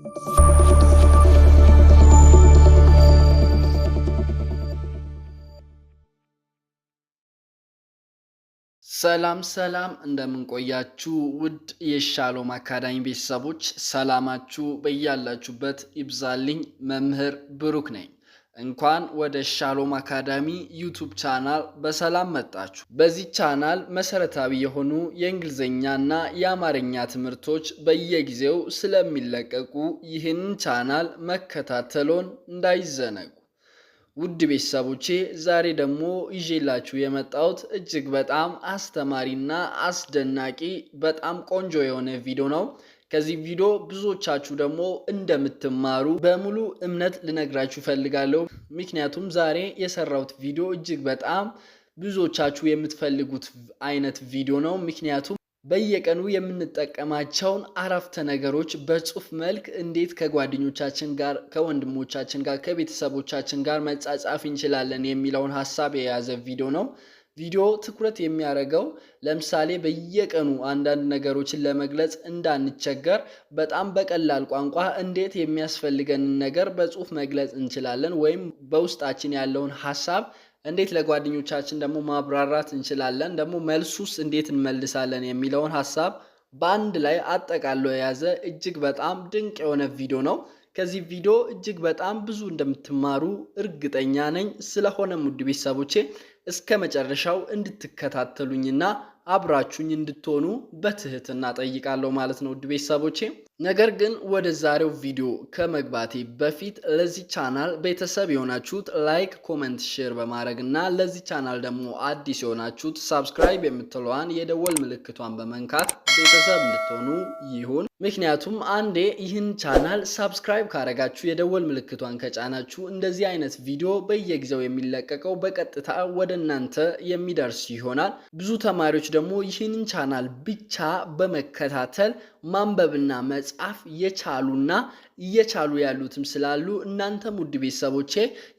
ሰላም ሰላም እንደምንቆያችሁ ውድ የሻሎም አካዳሚ ቤተሰቦች ሰላማችሁ በያላችሁበት ይብዛልኝ። መምህር ብሩክ ነኝ። እንኳን ወደ ሻሎም አካዳሚ ዩቱብ ቻናል በሰላም መጣችሁ። በዚህ ቻናል መሰረታዊ የሆኑ የእንግሊዝኛና የአማርኛ ትምህርቶች በየጊዜው ስለሚለቀቁ ይህን ቻናል መከታተሎን እንዳይዘነጉ። ውድ ቤተሰቦቼ ዛሬ ደግሞ ይዤላችሁ የመጣሁት እጅግ በጣም አስተማሪና አስደናቂ በጣም ቆንጆ የሆነ ቪዲዮ ነው። ከዚህ ቪዲዮ ብዙዎቻችሁ ደግሞ እንደምትማሩ በሙሉ እምነት ልነግራችሁ ፈልጋለሁ። ምክንያቱም ዛሬ የሰራሁት ቪዲዮ እጅግ በጣም ብዙዎቻችሁ የምትፈልጉት አይነት ቪዲዮ ነው። ምክንያቱም በየቀኑ የምንጠቀማቸውን አረፍተ ነገሮች በጽሁፍ መልክ እንዴት ከጓደኞቻችን ጋር፣ ከወንድሞቻችን ጋር፣ ከቤተሰቦቻችን ጋር መጻጻፍ እንችላለን የሚለውን ሀሳብ የያዘ ቪዲዮ ነው። ቪዲዮ ትኩረት የሚያደርገው ለምሳሌ በየቀኑ አንዳንድ ነገሮችን ለመግለጽ እንዳንቸገር በጣም በቀላል ቋንቋ እንዴት የሚያስፈልገንን ነገር በጽሁፍ መግለጽ እንችላለን ወይም በውስጣችን ያለውን ሀሳብ እንዴት ለጓደኞቻችን ደግሞ ማብራራት እንችላለን፣ ደግሞ መልሱስ እንዴት እንመልሳለን የሚለውን ሀሳብ በአንድ ላይ አጠቃሎ የያዘ እጅግ በጣም ድንቅ የሆነ ቪዲዮ ነው። ከዚህ ቪዲዮ እጅግ በጣም ብዙ እንደምትማሩ እርግጠኛ ነኝ። ስለሆነ ውድ ቤተሰቦቼ እስከ መጨረሻው እንድትከታተሉኝና አብራችሁኝ እንድትሆኑ በትህትና ጠይቃለሁ ማለት ነው ውድ ቤተሰቦቼ። ነገር ግን ወደ ዛሬው ቪዲዮ ከመግባቴ በፊት ለዚህ ቻናል ቤተሰብ የሆናችሁት ላይክ፣ ኮመንት፣ ሼር በማድረግ እና ለዚህ ቻናል ደግሞ አዲስ የሆናችሁት ሳብስክራይብ የምትለዋን የደወል ምልክቷን በመንካት ቤተሰብ እንድትሆኑ ይሁን። ምክንያቱም አንዴ ይህን ቻናል ሳብስክራይብ ካረጋችሁ የደወል ምልክቷን ከጫናችሁ እንደዚህ አይነት ቪዲዮ በየጊዜው የሚለቀቀው በቀጥታ ወደ እናንተ የሚደርስ ይሆናል። ብዙ ተማሪዎች ደግሞ ይህንን ቻናል ብቻ በመከታተል ማንበብና መጻፍ የቻሉና እየቻሉ ያሉትም ስላሉ እናንተም ውድ ቤተሰቦቼ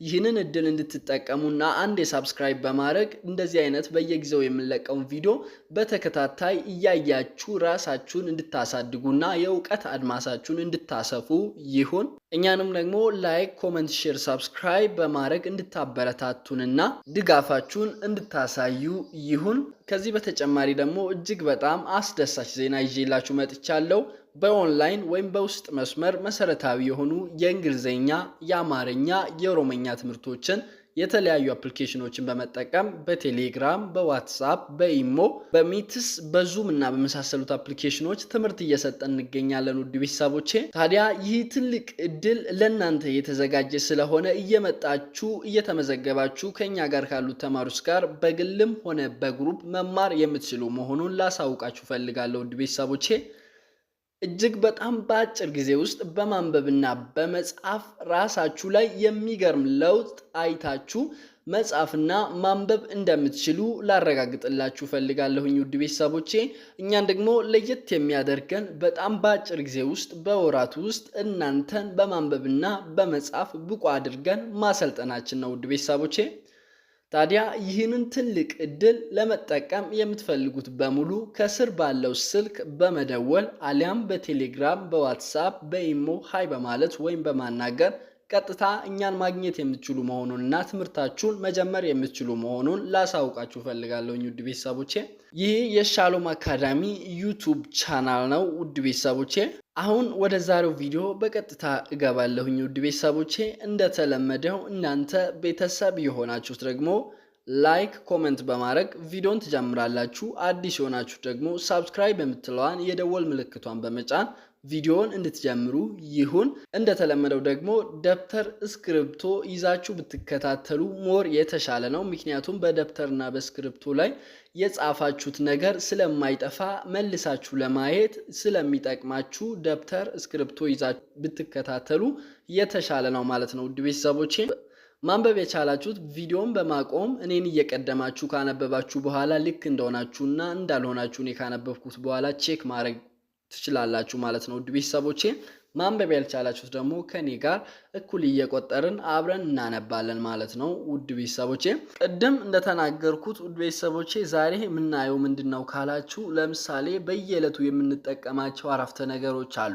ይህንን እድል እንድትጠቀሙና አንድ የሳብስክራይብ በማድረግ እንደዚህ አይነት በየጊዜው የምንለቀውን ቪዲዮ በተከታታይ እያያችሁ ራሳችሁን እንድታሳድጉና የእውቀት አድማሳችሁን እንድታሰፉ ይሁን። እኛንም ደግሞ ላይክ፣ ኮመንት፣ ሼር፣ ሳብስክራይብ በማድረግ እንድታበረታቱንና ድጋፋችሁን እንድታሳዩ ይሁን። ከዚህ በተጨማሪ ደግሞ እጅግ በጣም አስደሳች ዜና ይዤላችሁ መጥቻለሁ። በኦንላይን ወይም በውስጥ መስመር መሰረታዊ የሆኑ የእንግሊዝኛ፣ የአማርኛ፣ የኦሮምኛ ትምህርቶችን የተለያዩ አፕሊኬሽኖችን በመጠቀም በቴሌግራም፣ በዋትሳፕ፣ በኢሞ፣ በሚትስ፣ በዙም እና በመሳሰሉት አፕሊኬሽኖች ትምህርት እየሰጠን እንገኛለን። ውድ ቤተሰቦቼ ታዲያ ይህ ትልቅ እድል ለእናንተ የተዘጋጀ ስለሆነ እየመጣችሁ እየተመዘገባችሁ ከኛ ጋር ካሉት ተማሪዎች ጋር በግልም ሆነ በግሩፕ መማር የምትችሉ መሆኑን ላሳውቃችሁ ፈልጋለሁ ውድ ቤተሰቦቼ እጅግ በጣም በአጭር ጊዜ ውስጥ በማንበብና በመጻፍ ራሳችሁ ላይ የሚገርም ለውጥ አይታችሁ መጻፍና ማንበብ እንደምትችሉ ላረጋግጥላችሁ ፈልጋለሁኝ ውድ ቤተሰቦቼ። እኛን ደግሞ ለየት የሚያደርገን በጣም በአጭር ጊዜ ውስጥ በወራት ውስጥ እናንተን በማንበብና በመጻፍ ብቁ አድርገን ማሰልጠናችን ነው ውድ ቤተሰቦቼ። ታዲያ ይህንን ትልቅ እድል ለመጠቀም የምትፈልጉት በሙሉ ከስር ባለው ስልክ በመደወል አሊያም በቴሌግራም፣ በዋትሳፕ፣ በኢሞ ሀይ በማለት ወይም በማናገር ቀጥታ እኛን ማግኘት የምትችሉ መሆኑን እና ትምህርታችሁን መጀመር የምትችሉ መሆኑን ላሳውቃችሁ እፈልጋለሁ ውድ ቤተሰቦቼ። ይህ የሻሎም አካዳሚ ዩቱብ ቻናል ነው። ውድ ቤተሰቦቼ አሁን ወደ ዛሬው ቪዲዮ በቀጥታ እገባለሁኝ። ውድ ቤተሰቦቼ እንደተለመደው እናንተ ቤተሰብ የሆናችሁት ደግሞ ላይክ ኮመንት በማድረግ ቪዲዮን ትጀምራላችሁ። አዲስ የሆናችሁ ደግሞ ሳብስክራይብ የምትለዋን የደወል ምልክቷን በመጫን ቪዲዮውን እንድትጀምሩ ይሁን። እንደተለመደው ደግሞ ደብተር እስክሪብቶ ይዛችሁ ብትከታተሉ ሞር የተሻለ ነው። ምክንያቱም በደብተርና በእስክሪብቶ ላይ የጻፋችሁት ነገር ስለማይጠፋ መልሳችሁ ለማየት ስለሚጠቅማችሁ ደብተር እስክሪብቶ ይዛችሁ ብትከታተሉ የተሻለ ነው ማለት ነው። ውድ ቤተሰቦቼ ማንበብ የቻላችሁት ቪዲዮን በማቆም እኔን እየቀደማችሁ ካነበባችሁ በኋላ ልክ እንደሆናችሁና እንዳልሆናችሁ እኔ ካነበብኩት በኋላ ቼክ ማድረግ ትችላላችሁ ማለት ነው። ውድ ቤተሰቦቼ ማንበብ ያልቻላችሁት ደግሞ ከኔ ጋር እኩል እየቆጠርን አብረን እናነባለን ማለት ነው። ውድ ቤተሰቦቼ ቅድም እንደተናገርኩት ውድ ቤተሰቦቼ ዛሬ የምናየው ምንድን ነው ካላችሁ፣ ለምሳሌ በየዕለቱ የምንጠቀማቸው አረፍተ ነገሮች አሉ።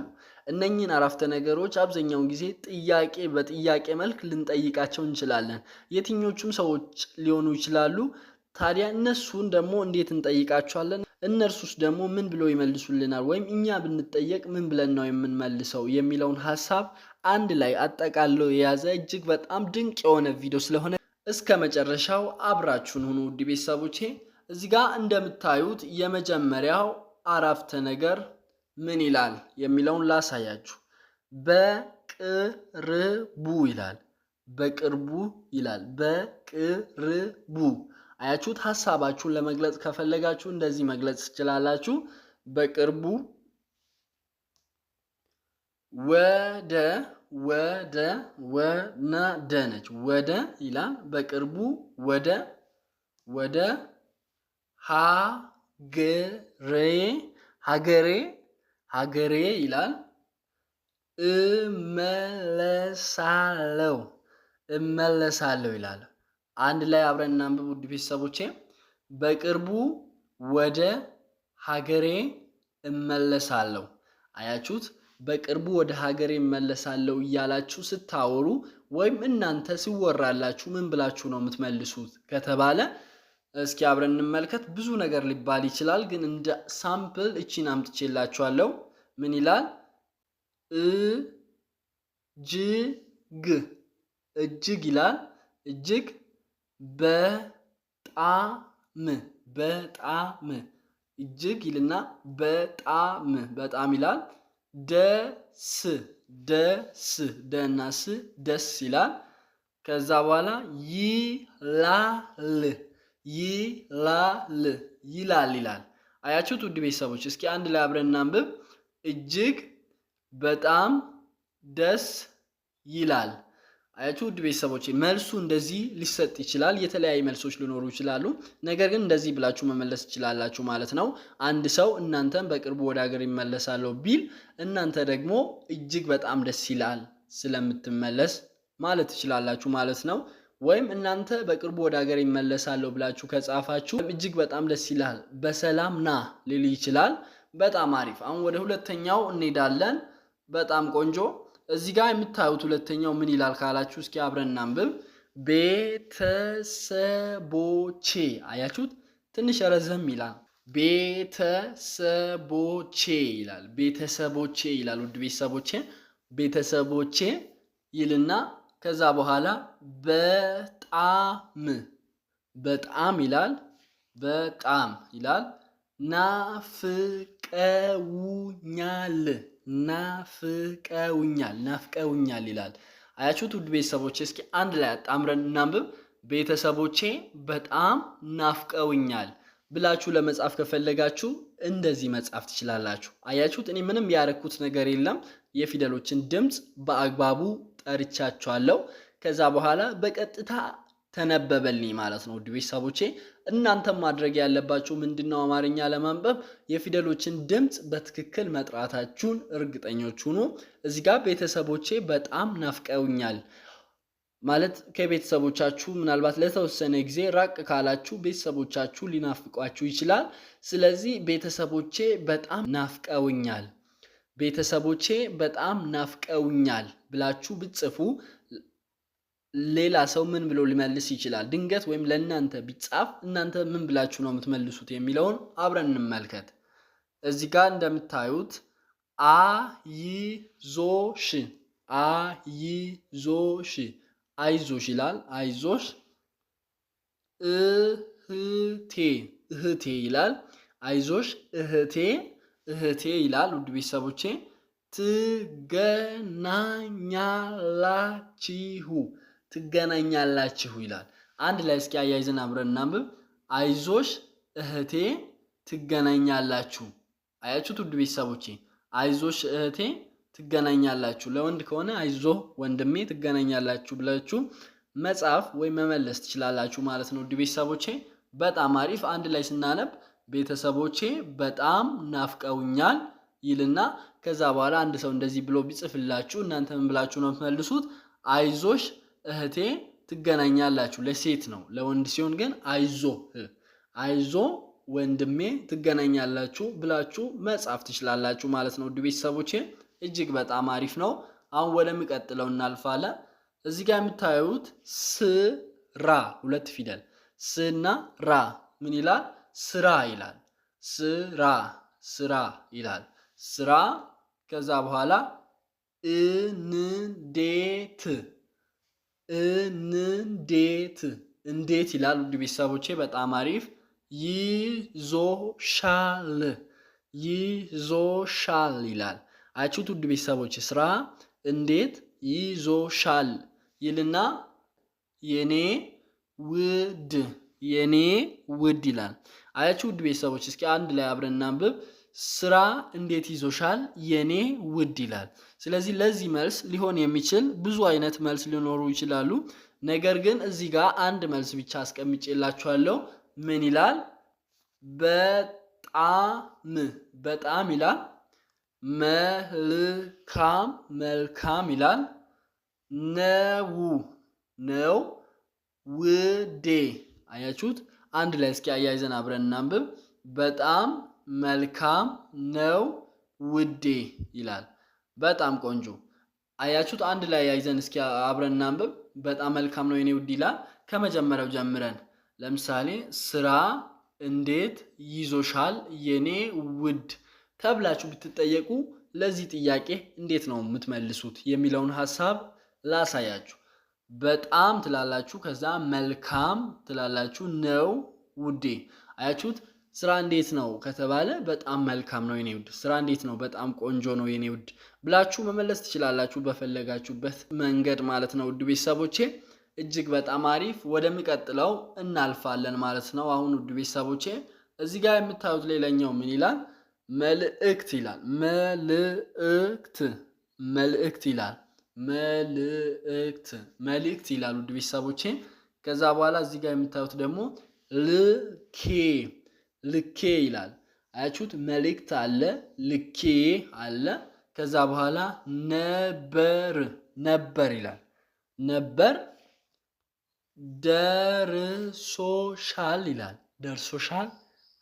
እነኝን አረፍተ ነገሮች አብዛኛውን ጊዜ ጥያቄ በጥያቄ መልክ ልንጠይቃቸው እንችላለን። የትኞቹም ሰዎች ሊሆኑ ይችላሉ። ታዲያ እነሱን ደግሞ እንዴት እንጠይቃቸዋለን? እነርሱስ ደግሞ ምን ብለው ይመልሱልናል ወይም እኛ ብንጠየቅ ምን ብለን ነው የምንመልሰው የሚለውን ሀሳብ አንድ ላይ አጠቃለው የያዘ እጅግ በጣም ድንቅ የሆነ ቪዲዮ ስለሆነ እስከ መጨረሻው አብራችሁን ሁኑ ውድ ቤተሰቦቼ። እዚህ ጋር እንደምታዩት የመጀመሪያው አረፍተ ነገር ምን ይላል የሚለውን ላሳያችሁ። በቅርቡ ይላል፣ በቅርቡ ይላል፣ በቅርቡ አያችሁት? ሀሳባችሁን ለመግለጽ ከፈለጋችሁ እንደዚህ መግለጽ ትችላላችሁ። በቅርቡ ወደ ወደ ወነደ ነች ወደ ይላል። በቅርቡ ወደ ወደ ሀገሬ ሀገሬ ሀገሬ ይላል። እመለሳለው እመለሳለሁ ይላል። አንድ ላይ አብረን እናንብብ ውድ ቤተሰቦቼ። በቅርቡ ወደ ሀገሬ እመለሳለሁ። አያችሁት? በቅርቡ ወደ ሀገሬ እመለሳለሁ እያላችሁ ስታወሩ ወይም እናንተ ሲወራላችሁ ምን ብላችሁ ነው የምትመልሱት ከተባለ እስኪ አብረን እንመልከት። ብዙ ነገር ሊባል ይችላል፣ ግን እንደ ሳምፕል እቺን አምጥቼላችኋለሁ። ምን ይላል? እጅግ እጅግ ይላል እጅግ በጣም በጣም እጅግ ይልና በጣም በጣም ይላል። ደስ ደስ ደና ስ ደስ ይላል። ከዛ በኋላ ይላል ይላል ይላል ይላል። አያችሁት ውድ ቤተሰቦች፣ እስኪ አንድ ላይ አብረን እናንብብ። እጅግ በጣም ደስ ይላል አያችሁ ውድ ቤተሰቦች መልሱ እንደዚህ ሊሰጥ ይችላል። የተለያዩ መልሶች ሊኖሩ ይችላሉ። ነገር ግን እንደዚህ ብላችሁ መመለስ ይችላላችሁ ማለት ነው። አንድ ሰው እናንተን በቅርቡ ወደ ሀገር ይመለሳለሁ ቢል እናንተ ደግሞ እጅግ በጣም ደስ ይላል ስለምትመለስ ማለት ትችላላችሁ ማለት ነው። ወይም እናንተ በቅርቡ ወደ ሀገር ይመለሳለሁ ብላችሁ ከጻፋችሁ እጅግ በጣም ደስ ይላል፣ በሰላም ና ሊል ይችላል። በጣም አሪፍ። አሁን ወደ ሁለተኛው እንሄዳለን። በጣም ቆንጆ እዚህ ጋር የምታዩት ሁለተኛው ምን ይላል ካላችሁ እስኪ አብረን እናንብብ። ቤተሰቦቼ አያችሁት፣ ትንሽ ረዘም ይላል። ቤተሰቦቼ ይላል። ቤተሰቦቼ ይላል። ውድ ቤተሰቦቼ ቤተሰቦቼ ይልና ከዛ በኋላ በጣም በጣም ይላል። በጣም ይላል። ናፍቀውኛል ናፍቀውኛል ናፍቀውኛል ይላል። አያችሁት? ውድ ቤተሰቦቼ እስኪ አንድ ላይ አጣምረን እናንብብ። ቤተሰቦቼ በጣም ናፍቀውኛል ብላችሁ ለመጻፍ ከፈለጋችሁ እንደዚህ መጻፍ ትችላላችሁ። አያችሁት? እኔ ምንም ያረኩት ነገር የለም። የፊደሎችን ድምፅ በአግባቡ ጠርቻችኋለሁ። ከዛ በኋላ በቀጥታ ተነበበልኝ ማለት ነው። ውድ ቤተሰቦቼ እናንተም ማድረግ ያለባችሁ ምንድነው? አማርኛ ለማንበብ የፊደሎችን ድምፅ በትክክል መጥራታችሁን እርግጠኞች ሁኑ። እዚህ ጋር ቤተሰቦቼ በጣም ናፍቀውኛል ማለት ከቤተሰቦቻችሁ ምናልባት ለተወሰነ ጊዜ ራቅ ካላችሁ ቤተሰቦቻችሁ ሊናፍቋችሁ ይችላል። ስለዚህ ቤተሰቦቼ በጣም ናፍቀውኛል ቤተሰቦቼ በጣም ናፍቀውኛል ብላችሁ ብጽፉ ሌላ ሰው ምን ብሎ ሊመልስ ይችላል? ድንገት ወይም ለእናንተ ቢጻፍ እናንተ ምን ብላችሁ ነው የምትመልሱት የሚለውን አብረን እንመልከት። እዚህ ጋር እንደምታዩት አይዞሽ አይዞሽ አይዞሽ ይላል። አይዞሽ እህቴ እህቴ ይላል። አይዞሽ እህቴ እህቴ ይላል። ውድ ቤተሰቦቼ ትገናኛላችሁ ትገናኛላችሁ ይላል። አንድ ላይ እስኪ አያይዘን አብረን እናንብብ። አይዞሽ እህቴ ትገናኛላችሁ። አያችሁ ትውድ ቤተሰቦቼ፣ አይዞሽ እህቴ ትገናኛላችሁ። ለወንድ ከሆነ አይዞ ወንድሜ ትገናኛላችሁ ብላችሁ መጻፍ ወይም መመለስ ትችላላችሁ ማለት ነው። ውድ ቤተሰቦቼ በጣም አሪፍ። አንድ ላይ ስናነብ ቤተሰቦቼ በጣም ናፍቀውኛል ይልና ከዛ በኋላ አንድ ሰው እንደዚህ ብሎ ቢጽፍላችሁ እናንተ ምን ብላችሁ ነው የምትመልሱት? አይዞሽ እህቴ ትገናኛላችሁ ለሴት ነው። ለወንድ ሲሆን ግን አይዞ አይዞ ወንድሜ ትገናኛላችሁ ብላችሁ መጻፍ ትችላላችሁ ማለት ነው። ውድ ቤተሰቦቼ እጅግ በጣም አሪፍ ነው። አሁን ወደሚቀጥለው እናልፋለን። እዚህ ጋር የምታዩት ስራ ሁለት ፊደል ስና ራ ምን ይላል? ስራ ይላል። ስራ ስራ ይላል። ስራ ከዛ በኋላ እንዴት እንዴት እንዴት ይላል። ውድ ቤተሰቦቼ በጣም አሪፍ። ይዞሻል ይዞሻል ይላል። አያችሁት? ውድ ቤተሰቦች ስራ እንዴት ይዞሻል ይልና የኔ ውድ የኔ ውድ ይላል። አያችሁ ውድ ቤተሰቦች፣ እስኪ አንድ ላይ አብረን እናንብብ። ስራ እንዴት ይዞሻል የኔ ውድ ይላል። ስለዚህ ለዚህ መልስ ሊሆን የሚችል ብዙ አይነት መልስ ሊኖሩ ይችላሉ። ነገር ግን እዚህ ጋር አንድ መልስ ብቻ አስቀምጬላችኋለሁ። ምን ይላል? በጣም በጣም ይላል። መልካም መልካም ይላል። ነው ነው ውዴ። አያችሁት? አንድ ላይ እስኪ አያይዘን አብረን እናንብብ። በጣም መልካም ነው ውዴ ይላል። በጣም ቆንጆ አያችሁት። አንድ ላይ ያይዘን እስኪ አብረን እናንብብ። በጣም መልካም ነው የኔ ውድ ይላል። ከመጀመሪያው ጀምረን ለምሳሌ ስራ እንዴት ይዞሻል የኔ ውድ ተብላችሁ ብትጠየቁ ለዚህ ጥያቄ እንዴት ነው የምትመልሱት የሚለውን ሀሳብ ላሳያችሁ። በጣም ትላላችሁ፣ ከዛ መልካም ትላላችሁ፣ ነው ውዴ አያችሁት። ስራ እንዴት ነው ከተባለ በጣም መልካም ነው የኔ ውድ፣ ስራ እንዴት ነው በጣም ቆንጆ ነው የኔ ውድ ብላችሁ መመለስ ትችላላችሁ፣ በፈለጋችሁበት መንገድ ማለት ነው። ውድ ቤተሰቦቼ እጅግ በጣም አሪፍ፣ ወደሚቀጥለው እናልፋለን ማለት ነው። አሁን ውድ ቤተሰቦቼ እዚህ ጋር የምታዩት ሌላኛው ምን ይላል? መልእክት ይላል። መልእክት መልእክት ይላል። መልእክት መልእክት ይላል። ውድ ቤተሰቦቼ ከዛ በኋላ እዚህ ጋር የምታዩት ደግሞ ልኬ ልኬ ይላል። አያችሁት? መልእክት አለ፣ ልኬ አለ። ከዛ በኋላ ነበር ነበር ይላል። ነበር ደርሶሻል ይላል። ደርሶሻል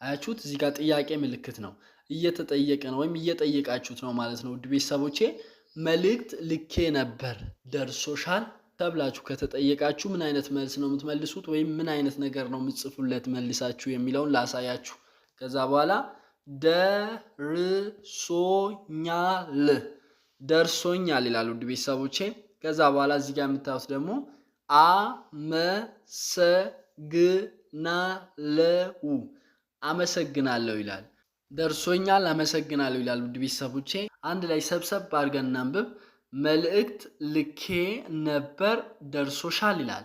አያችሁት? እዚህ ጋር ጥያቄ ምልክት ነው። እየተጠየቀ ነው ወይም እየጠየቃችሁት ነው ማለት ነው። ውድ ቤተሰቦቼ መልእክት ልኬ ነበር ደርሶሻል ተብላችሁ ከተጠየቃችሁ ምን አይነት መልስ ነው የምትመልሱት ወይም ምን አይነት ነገር ነው የምትጽፉለት መልሳችሁ የሚለውን ላሳያችሁ። ከዛ በኋላ ደርሶኛል ደርሶኛል ይላሉ ውድ ቤተሰቦቼ። ከዛ በኋላ እዚህ ጋር የምታዩት ደግሞ አመሰግናለው አመሰግናለሁ ይላል። ደርሶኛል አመሰግናለሁ ይላል። ውድ ቤተሰቦቼ አንድ ላይ ሰብሰብ አድርገን እናንብብ። መልእክት ልኬ ነበር ደርሶሻል ይላል።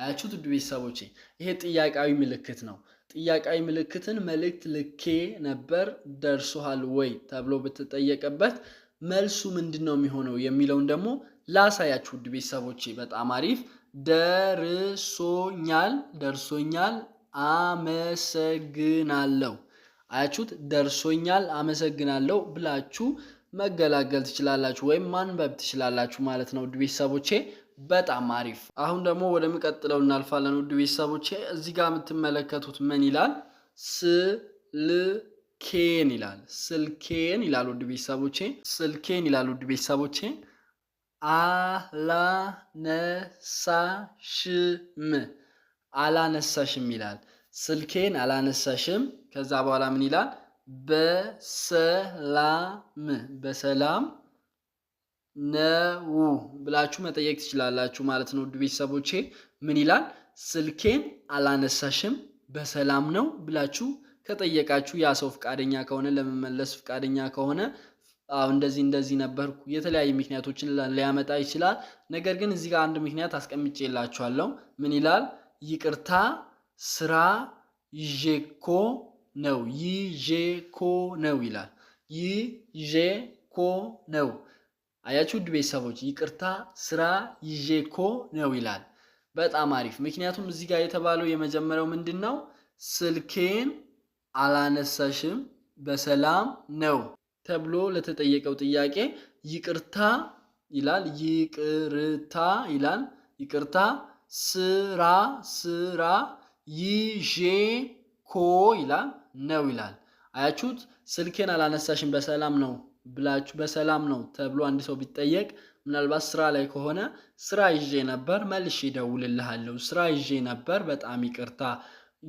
አያችሁት? ውድ ቤተሰቦቼ ይሄ ጥያቄያዊ ምልክት ነው። ጥያቄያዊ ምልክትን መልእክት ልኬ ነበር ደርሶሃል ወይ ተብሎ በተጠየቀበት መልሱ ምንድን ነው የሚሆነው የሚለውን ደግሞ ላሳያችሁ። ውድ ቤተሰቦቼ በጣም አሪፍ ደርሶኛል፣ ደርሶኛል፣ አመሰግናለሁ። አያችሁት? ደርሶኛል፣ አመሰግናለሁ ብላችሁ መገላገል ትችላላችሁ ወይም ማንበብ ትችላላችሁ ማለት ነው ውድ ቤተሰቦቼ። በጣም አሪፍ። አሁን ደግሞ ወደሚቀጥለው እናልፋለን ውድ ቤተሰቦቼ። እዚህ ጋር የምትመለከቱት ምን ይላል? ስልኬን ይላል። ስልኬን ይላል ውድ ቤተሰቦቼ። ስልኬን ይላል ውድ ቤተሰቦቼ። አላነሳሽም አላነሳሽም ይላል። ስልኬን አላነሳሽም። ከዛ በኋላ ምን ይላል? በሰላም በሰላም ነው ብላችሁ መጠየቅ ትችላላችሁ ማለት ነው። ውድ ቤተሰቦቼ ምን ይላል? ስልኬን አላነሳሽም በሰላም ነው ብላችሁ ከጠየቃችሁ ያ ሰው ፍቃደኛ ከሆነ ለመመለስ ፍቃደኛ ከሆነ እንደዚህ እንደዚህ ነበርኩ የተለያዩ ምክንያቶችን ሊያመጣ ይችላል። ነገር ግን እዚህ ጋር አንድ ምክንያት አስቀምጬላችኋለሁ። ምን ይላል? ይቅርታ ስራ ይዤ እኮ ነው ይዤኮ ነው ይላል። ይዤኮ ነው። አያችሁ ውድ ቤተሰቦች፣ ይቅርታ ስራ ይዤኮ ነው ይላል። በጣም አሪፍ። ምክንያቱም እዚህ ጋር የተባለው የመጀመሪያው ምንድን ነው? ስልኬን አላነሳሽም በሰላም ነው ተብሎ ለተጠየቀው ጥያቄ ይቅርታ ይላል። ይቅርታ ይላል። ይቅርታ ስራ ስራ ኮ ይላል ነው ይላል። አያችሁት? ስልኬን አላነሳሽም በሰላም ነው ብላችሁ በሰላም ነው ተብሎ አንድ ሰው ቢጠየቅ ምናልባት ስራ ላይ ከሆነ ስራ ይዤ ነበር፣ መልሽ እደውልልሃለሁ፣ ስራ ይዤ ነበር፣ በጣም ይቅርታ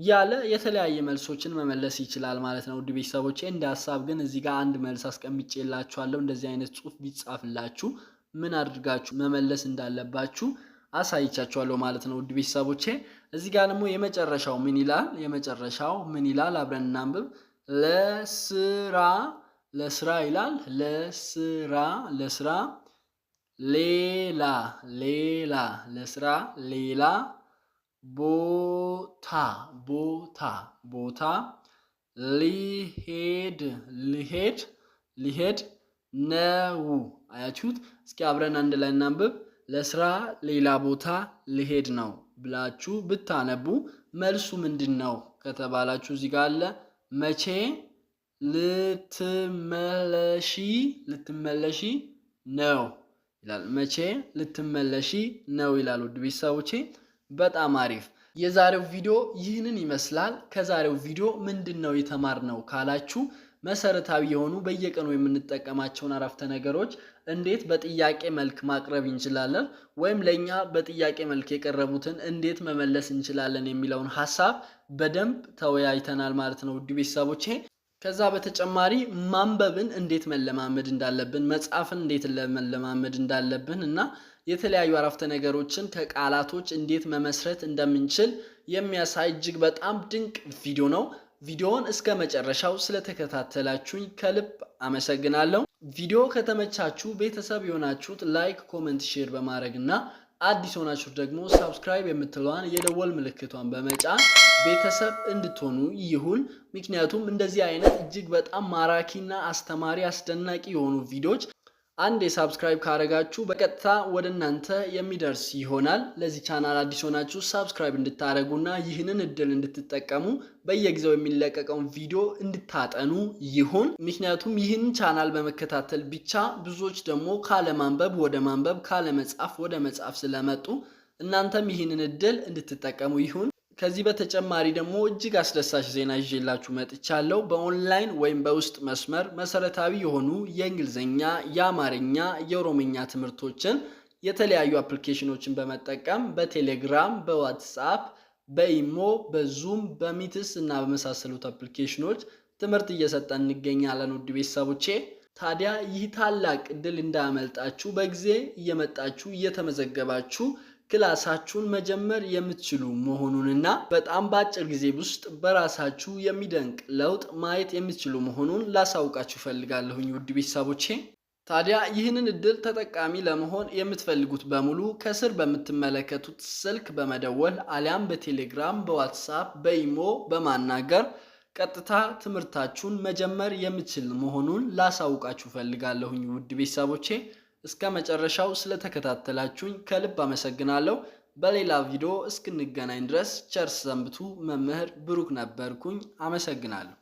ያለ የተለያየ መልሶችን መመለስ ይችላል ማለት ነው። ውድ ቤተሰቦቼ እንደ ሀሳብ ግን እዚህ ጋር አንድ መልስ አስቀምጬላችኋለሁ። እንደዚህ አይነት ጽሁፍ ቢጻፍላችሁ ምን አድርጋችሁ መመለስ እንዳለባችሁ አሳይቻችኋለሁ ማለት ነው። ውድ ቤተሰቦቼ እዚህ ጋር ደግሞ የመጨረሻው ምን ይላል? የመጨረሻው ምን ይላል? አብረን እናንብብ። ለስራ ለስራ ይላል። ለስራ ለስራ ሌላ ሌላ ለስራ ሌላ ቦታ ቦታ ቦታ ሊሄድ ሊሄድ ሊሄድ ነው። አያችሁት? እስኪ አብረን አንድ ላይ እናንብብ ለስራ ሌላ ቦታ ልሄድ ነው ብላችሁ ብታነቡ መልሱ ምንድን ነው ከተባላችሁ እዚህ ጋር አለ መቼ ልትመለሺ ልትመለሺ ነው ይላል። መቼ ልትመለሺ ነው ይላል። ውድ ቤተሰቦቼ በጣም አሪፍ። የዛሬው ቪዲዮ ይህንን ይመስላል። ከዛሬው ቪዲዮ ምንድን ነው የተማርነው ካላችሁ መሰረታዊ የሆኑ በየቀኑ የምንጠቀማቸውን አረፍተ ነገሮች እንዴት በጥያቄ መልክ ማቅረብ እንችላለን ወይም ለእኛ በጥያቄ መልክ የቀረቡትን እንዴት መመለስ እንችላለን የሚለውን ሀሳብ በደንብ ተወያይተናል ማለት ነው ውድ ቤተሰቦቼ። ከዛ በተጨማሪ ማንበብን እንዴት መለማመድ እንዳለብን፣ መጻፍን እንዴት ለመለማመድ እንዳለብን እና የተለያዩ አረፍተ ነገሮችን ከቃላቶች እንዴት መመስረት እንደምንችል የሚያሳይ እጅግ በጣም ድንቅ ቪዲዮ ነው። ቪዲዮውን እስከ መጨረሻው ስለተከታተላችሁኝ ከልብ አመሰግናለሁ። ቪዲዮ ከተመቻችሁ ቤተሰብ የሆናችሁት ላይክ፣ ኮመንት፣ ሼር በማድረግ እና አዲስ ሆናችሁት ደግሞ ሳብስክራይብ የምትለዋን የደወል ምልክቷን በመጫን ቤተሰብ እንድትሆኑ ይሁን። ምክንያቱም እንደዚህ አይነት እጅግ በጣም ማራኪና አስተማሪ አስደናቂ የሆኑ ቪዲዮዎች አንድ የሳብስክራይብ ካረጋችሁ በቀጥታ ወደ እናንተ የሚደርስ ይሆናል። ለዚህ ቻናል አዲስ ሆናችሁ ሳብስክራይብ እንድታደረጉና ይህንን እድል እንድትጠቀሙ በየጊዜው የሚለቀቀውን ቪዲዮ እንድታጠኑ ይሁን። ምክንያቱም ይህን ቻናል በመከታተል ብቻ ብዙዎች ደግሞ ካለማንበብ ወደ ማንበብ፣ ካለመጻፍ ወደ መጻፍ ስለመጡ እናንተም ይህንን እድል እንድትጠቀሙ ይሁን። ከዚህ በተጨማሪ ደግሞ እጅግ አስደሳች ዜና ይዤላችሁ መጥቻለሁ። በኦንላይን ወይም በውስጥ መስመር መሰረታዊ የሆኑ የእንግሊዝኛ፣ የአማርኛ፣ የኦሮምኛ ትምህርቶችን የተለያዩ አፕሊኬሽኖችን በመጠቀም በቴሌግራም፣ በዋትስአፕ፣ በኢሞ፣ በዙም፣ በሚትስ እና በመሳሰሉት አፕሊኬሽኖች ትምህርት እየሰጠን እንገኛለን። ውድ ቤተሰቦቼ ታዲያ ይህ ታላቅ እድል እንዳያመልጣችሁ በጊዜ እየመጣችሁ እየተመዘገባችሁ ክላሳችሁን መጀመር የምትችሉ መሆኑንና በጣም በአጭር ጊዜ ውስጥ በራሳችሁ የሚደንቅ ለውጥ ማየት የምትችሉ መሆኑን ላሳውቃችሁ እፈልጋለሁኝ ውድ ቤተሰቦቼ። ታዲያ ይህንን እድል ተጠቃሚ ለመሆን የምትፈልጉት በሙሉ ከስር በምትመለከቱት ስልክ በመደወል አሊያም በቴሌግራም፣ በዋትሳፕ፣ በኢሞ በማናገር ቀጥታ ትምህርታችሁን መጀመር የምችል መሆኑን ላሳውቃችሁ እፈልጋለሁኝ ውድ ቤተሰቦቼ። እስከ መጨረሻው ስለተከታተላችሁኝ ከልብ አመሰግናለሁ። በሌላ ቪዲዮ እስክንገናኝ ድረስ ቸርስ ሰንብቱ። መምህር ብሩክ ነበርኩኝ። አመሰግናለሁ።